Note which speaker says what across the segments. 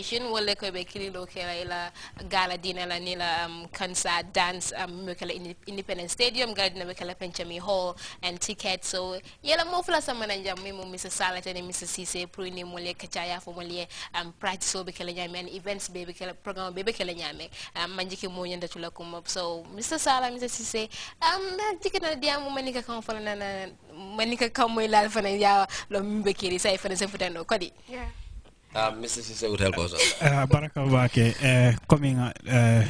Speaker 1: competition wala ko be kililo ke la gala dina la ni um, concert dance um, mekala independent stadium gala dina mekala penchami hall and ticket so yela mo fula sama na jam mi mo mr sala tani mr cisse pro ni mo um, practice so be nyame and events be be program be be nyame um, manjiki mo nyanda tula kuma so mr sala mr cisse um, na jikina dia mo manika kan na manika kan mo ilal ya lo mbe kiri sai fana sai futano kodi yeah Uh, Mr. Sise Utel Koso.
Speaker 2: Uh, baraka wake, uh, coming uh,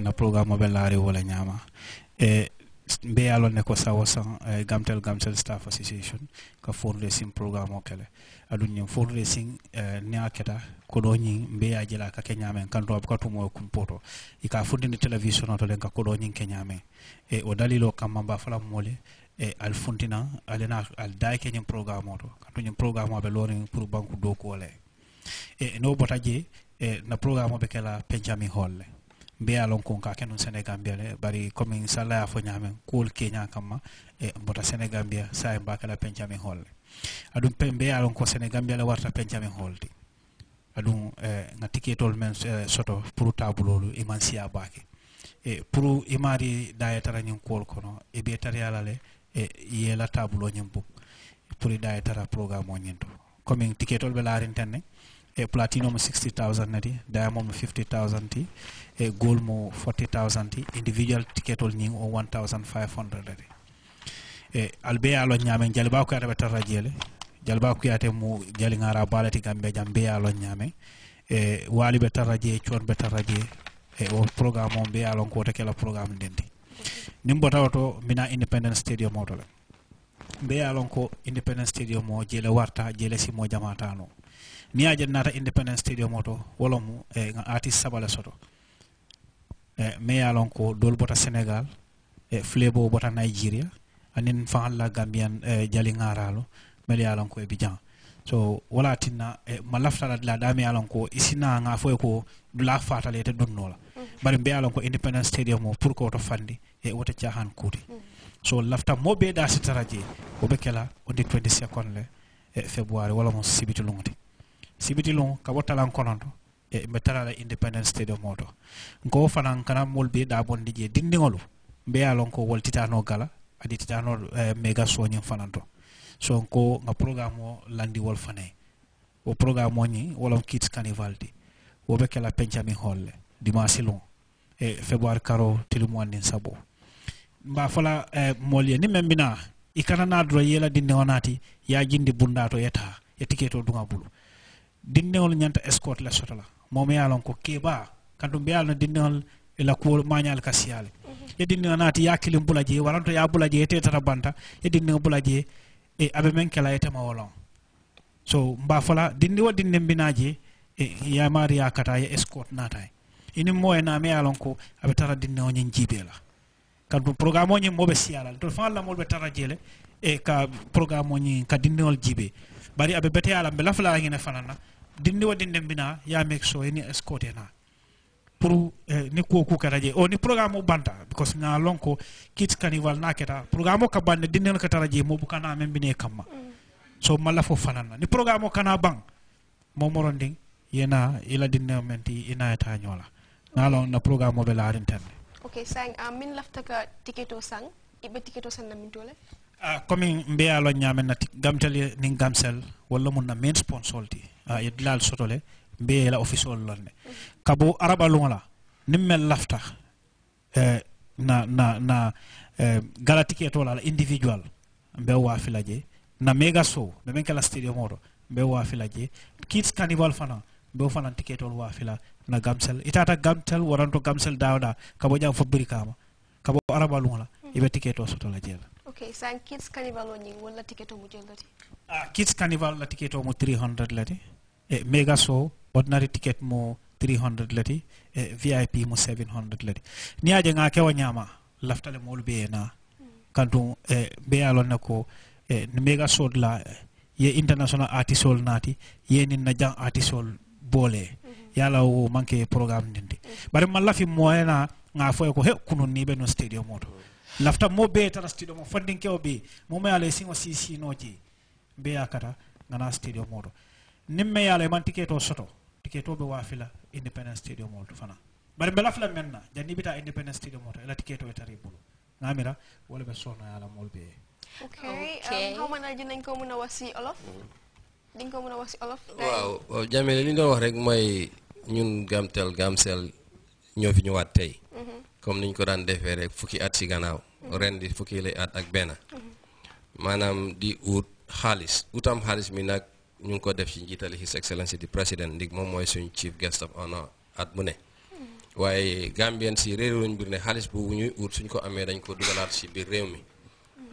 Speaker 2: na programu belari wole nyama. Eh, mbe ne ko sawo gamtel gamtel staff association ka fundraising programme o kele aɗum ñin fundraising eh, ne a keta koɗo ñin kanto a buka tumo kumpoto i ka fuddinde ka koɗo ñin keñamen e o dalilo kamma mba fala Eh, e al funtina alena al dayke ñin programme to kanto ñin programme o ɓe lorin pour banque dow koole e no bota je e eh, na programme o ɓe kela holle mbiya lon kon ka kenum sénégambia le bari commin sallaya fo ñamen kuwol keña kamma e eh, bota sénégambia sa e mba kela pencami holle aɗum mbiya lon ko sénégambia le warta pencami holde aɗum eh, ga tiketol men soto pour tabulolu iman siya bake e pour imari dayetara ñin kuwol kono e ɓe tariyala le e yela tabulo ñim bu pour i daye tara programme o ñinto commin ticketol ɓe laarinten ne e platino mo 60000 nati diamond mo 50000 ti e gold mo 40000 ti individual ticketol ñing o 1500 ti e albeyalo ñamen jali ba kuyata ɓe tata jeele jali ba kuyate mo jali gara balati gambe jam mbeyalo ñamen e waliɓe ɓe tata jee coon ɓe jee e o programme o mbeyalon ko wote kela programme ndenti nimbo to mina independence stadium oto le mbe ya ko independence stadium o jele warta jele simo jamatano ni aje nata independence stadium oto wala mu e nga artiste sabale soto e me ya lon ko dol bota senegal e flebo bota nigeria anin fahan la gambian e jali ngaralo mel ko e so wala tinna e malafta la dami ya lon ko isina nga foy ko dula fatale te la bare mbiyalan ko independence stadium o pour ko oto fandi e woto cahan kuuti so lafta mo da si taraje oɓe kela di 20 second le e february wala mo sibiti lungde sibiti lung ka wottalan kononto e mbe tarala independence stadium o to ko fanan kana mol da bondi je dindiŋolu mbiyalon ko woltitano gala adi titano eh, méga soñin fanan so ko nga programme o landi wol o programme o ñi wolam kids carnival di woɓe kela pencamin holle dimanche long e february karo tilimuwan nin sabo mba fola eh, moolu ni meŋ bina i kana naa dora ye la dindiŋo naati jindi bundaa to ye taa dunga tikee to duŋa bulu dindiŋolu ñanta escote le la sotala ye a loŋ ko keba kantum be ye a loŋ dindiŋolu la kuwo maañaalu ka siyaale ye dindiŋo naati ye a kiliŋ bula jee waranto ye a bula jee banta ya dinne bulaje jee e a be meŋ kela ite ma wo so mba fola dinne wadinne dindiŋ binaa jee e, ye maari kata ya escort naata ini mo ena me alon ko aɓe tara dinna o ñin jibe la kadu programme o mo be siala to fa la mo be tara jele e ka programme o ñin ka dinneol jibe bari abe bete ala be lafla ngi laflaagine fanana dinni wadin dem bina ya mek so ini escorte na pour eh, ni ko ku kata je o ni programme o banta because na lon ko kit carnival na keta programme o ka bande dinneol ka tara je mo bu kana men mbine kamma so mala fo fanana ni programme o kana bang momoro ndin yena ila dinne menti ina eta nyola nalo na programme be laarin tan
Speaker 1: okay sang a ah, min laftaka tiketo sang ibe tiketo san min tole
Speaker 2: uh, ah, komin mbeyalo ñamen na gamtali nin gamsel walla mun na main sponsor ti uh, ah, yedilal sotole mbeyela official lonne mm -hmm. kabo araba lungola mel lafta eh, na na na eh, gala tiketo la individual mbe wafila je na mega show be men kala stadium oto mbe wafila je kids carnival fana mbeo fana tiketol wafila na gamsel itata gamsel waranto gamsel dawda kabo jang fabbiri kama kabo araba lumala mm. ibe tiketo soto la jela
Speaker 1: okay san kids carnival ni wala tiketo mu jela
Speaker 2: ah kids carnival la tiketo mu 300 lati e mega show ordinary ticket mo 300 lati e vip mu 700 lati ni aje nga kewa nyama laftale mol be na mm. kantu e eh, be alon nako e mega show la eh, ye international artistol nati ye ni na jang artist bole mm yala o manke programme ndindi bari ma lafi moyena nga foye ko he kuno ni be no stadium moto lafta mo be tara stadium fandin ke obi mo me ala singo si si noji be yakata na stadium moto nimme yala man tiketo soto tiketo be wafila independent stadium moto fana bare be lafla menna jani bita independent stadium moto ela tiketo e bulu ngamira wala be sono yala molbe
Speaker 1: okay, okay. Um, how manaji nañ ko wasi olof mm. ding ko mëna wasi olof wax rek ñun gamtel gamsel ñoo fi ñëwaat tey comme niñ ko daan defee rek fukki at ci gannaaw ren di fukki lay at ak benn maanaam di ut xaalis utam xaalis mi nag ñu ngi ko def ci njiitali his excellency di président ndig moom mooy suñ chief guest of honor at mu ne waaye Gambien si réew lañ bir ne xaalis boobu ñuy ut suñ ko amee dañ ko dugalaat si biir réew mi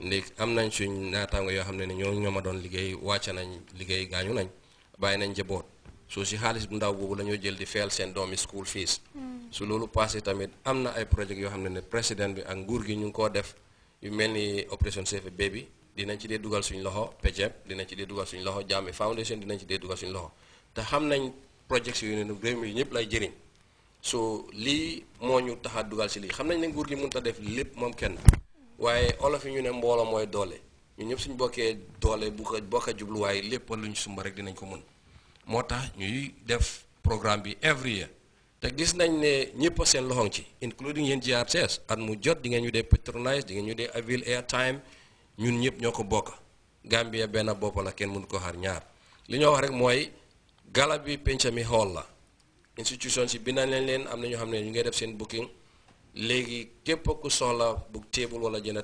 Speaker 1: ndig am nañ suñ naataango yoo xam ne ne ñoo ñoo ma doon liggéey wàcc nañ liggéey gaañu nañ bàyyi nañ njaboot so si xaalis bu ndaw boobu la jël di school fees su loolu passé tamit amna project ay projets yoo xam ne ne président bi ak nguur gi ñu def yu mel operation Save Baby dinañ ci dee dugal suñ loxo PEJEP dinañ ci dee dugal suñ loxo Jammeh Foundation dinañ ci dee dugal suñ loxo te xam project projets yu ne réew mi ñëpp lay jëriñ so li moo ñu tax a dugal si lii xam nañ ne nguur gi mënut a def lépp moom kenn waaye olof yi ñu ne mbooloo mooy doole ñun ñëpp suñ bokkee doole bu ko bokk a jubluwaay lépp luñ sumba rek dinañ ko moo tax ñuy def programme bi every year te gis nañ ne ñëpp seen loxoŋ ci including yéen GRTS at mu jot di ngeen ñu dee patronise di ngeen ñu dee avil air time ñun ñëpp ñoo ko bokk Gambia benn bopp la kenn mënu ko xar ñaar li ñoo wax rek mooy galab bi penca mi xool la institution si bindal nañ leen am na ñoo xam ne ñu ngay def seen booking léegi képp ku soxla book table wala jënd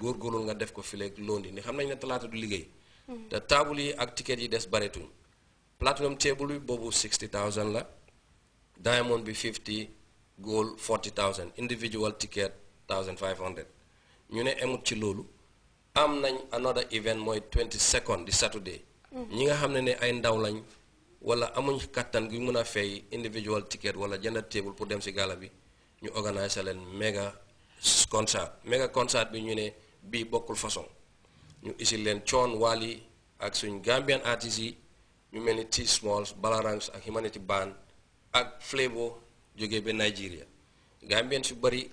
Speaker 1: góor góorul nga def ko fileeg londi ni xam nañ ne talaata du liggéey mm. te table yi ak ticket yi des baretuñ platinum table bi boobu 60000 la diamond bi 50 gold 40000 individual ticket 1500 ñu ne emut ci loolu am nañ another event mooy 22nd di Saturday. Mm-hmm. ñi nga xam ne ne ay ndaw lañ wala amuñ kattan gi mën a fay individual ticket wala jënd table pour dem si gala bi ñu organiser leen méga concert méga concert bi ñu ne bii bokkul façon ñu isil leen coon waali ak suñ Gambian artistes yi. ñu mel ni T Smalls Balarangs ak Humanity Band ak Flavour jógee ba Nigeria Gambien su bari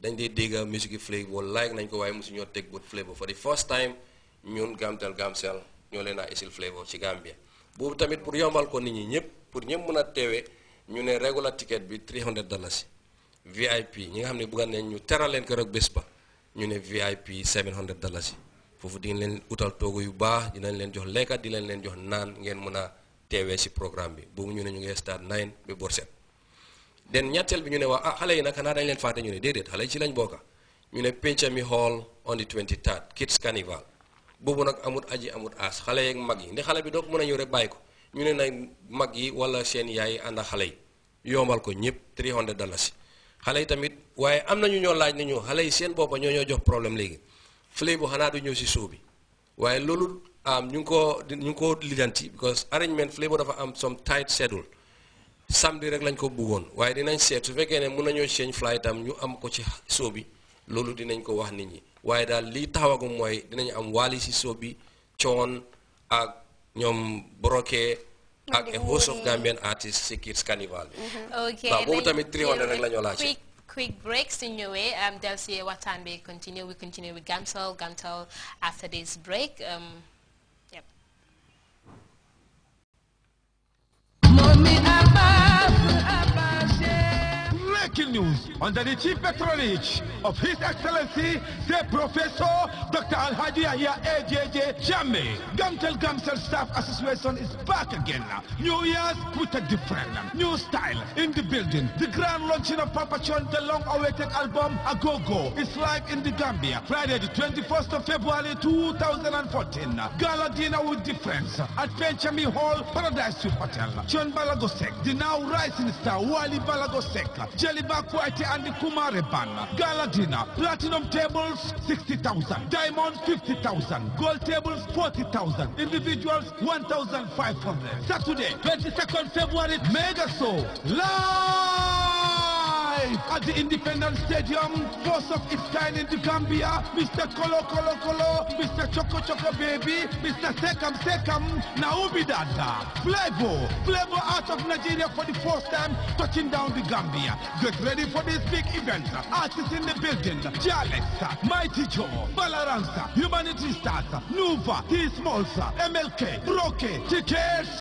Speaker 1: dañ dee dégga musique Flavour like nañ ko waaye mosu ñoo teg bët Flavour for the first time ñun Gamtel Gamcel ñoo leen a isil Flavour ci Gambia boobu tamit pour yombal ko nit ñi ñëpp pour ñëpp mën a teewee ñu ne regular ticket bi 300 dollars VIP ñi nga xam ne bëgg nañ ñu teral leen ko rek bés ba ñu ne VIP 700 dollars yi foofu di leen utal toogu yu baax dinañ leen jox lekka di leen leen jox naan ngeen mën a teewee si programme bi boobu ñu ne ñu ngi start 9 ba bor set den ñetteel bi ñu ne waa ah xale yi nag xanaa dañ leen fàtte ñu ne déedéet xale yi ci lañ bokka ñu ne Pencami Hall on the 23 kids carnival boobu nag amut aji amut aas xale yeeg mag yi nde xale bi doog mën a ñëw rek bàyyi ko ñu ne nag mag yi wala seen yaay ànd ak xale yi yombal ko ñëpp 300 dalasi xale yi tamit waaye am na ñu ñoo laaj ne ñu xale yi seen boppa ñoo ñoo jox problème léegi flame bu xanaa du ñëw si show bi waaye loolu am ñu ngi ko ñu ngi ko lijanti because arrangement flame dafa am some tight schedule samedi rek lañ ko bëggoon waaye dinañ seet su fekkee ne mun nañoo change flight am ñu am ko ci show bi loolu dinañ ko wax nit ñi waaye daal lii taxawagum mooy dinañ am waali si show bi coon ak ñoom brokee ak a host of Gambian artists si Kids bi. ok mm-hmm. boobu tamit 300 rek la ñu quick breaks in your way. Um, they see what time we continue. We continue with Gamtel, Gamtel after this break. Um, yep.
Speaker 3: Under the chief patronage of His Excellency, the Professor Dr. Alhaji Yahya AJJ Jame. Gamtel Gamsel Staff Association is back again now. New Year's put a different new style in the building. The grand launching of Papa Chon, the long-awaited album Agogo is live in the Gambia. Friday, the 21st of February 2014. Gala dinner with difference at Benjamin Hall, Paradise Hotel. John Balagosek, the now rising star Wali Balagosek, Jelly yakku ati andi kumare banna galatina platinum tables 60000 diamond 50000 gold tables 40000 individuals 1500 saturday 22nd february mega show live at the Independence Stadium. First of its kind in the Gambia. Mr. Colo Colo Colo, Mr. Choco Choco Baby, Mr. Sekam Sekam, Naubi Dada. Flavor, Flavor out of Nigeria for the first time touching down the Gambia. Get ready for this big event. Artists in the building, Jalexa, Mighty Joe, Balaransa, Humanity Stars, Nuva, T-Smalls, MLK, Roque, Tickets.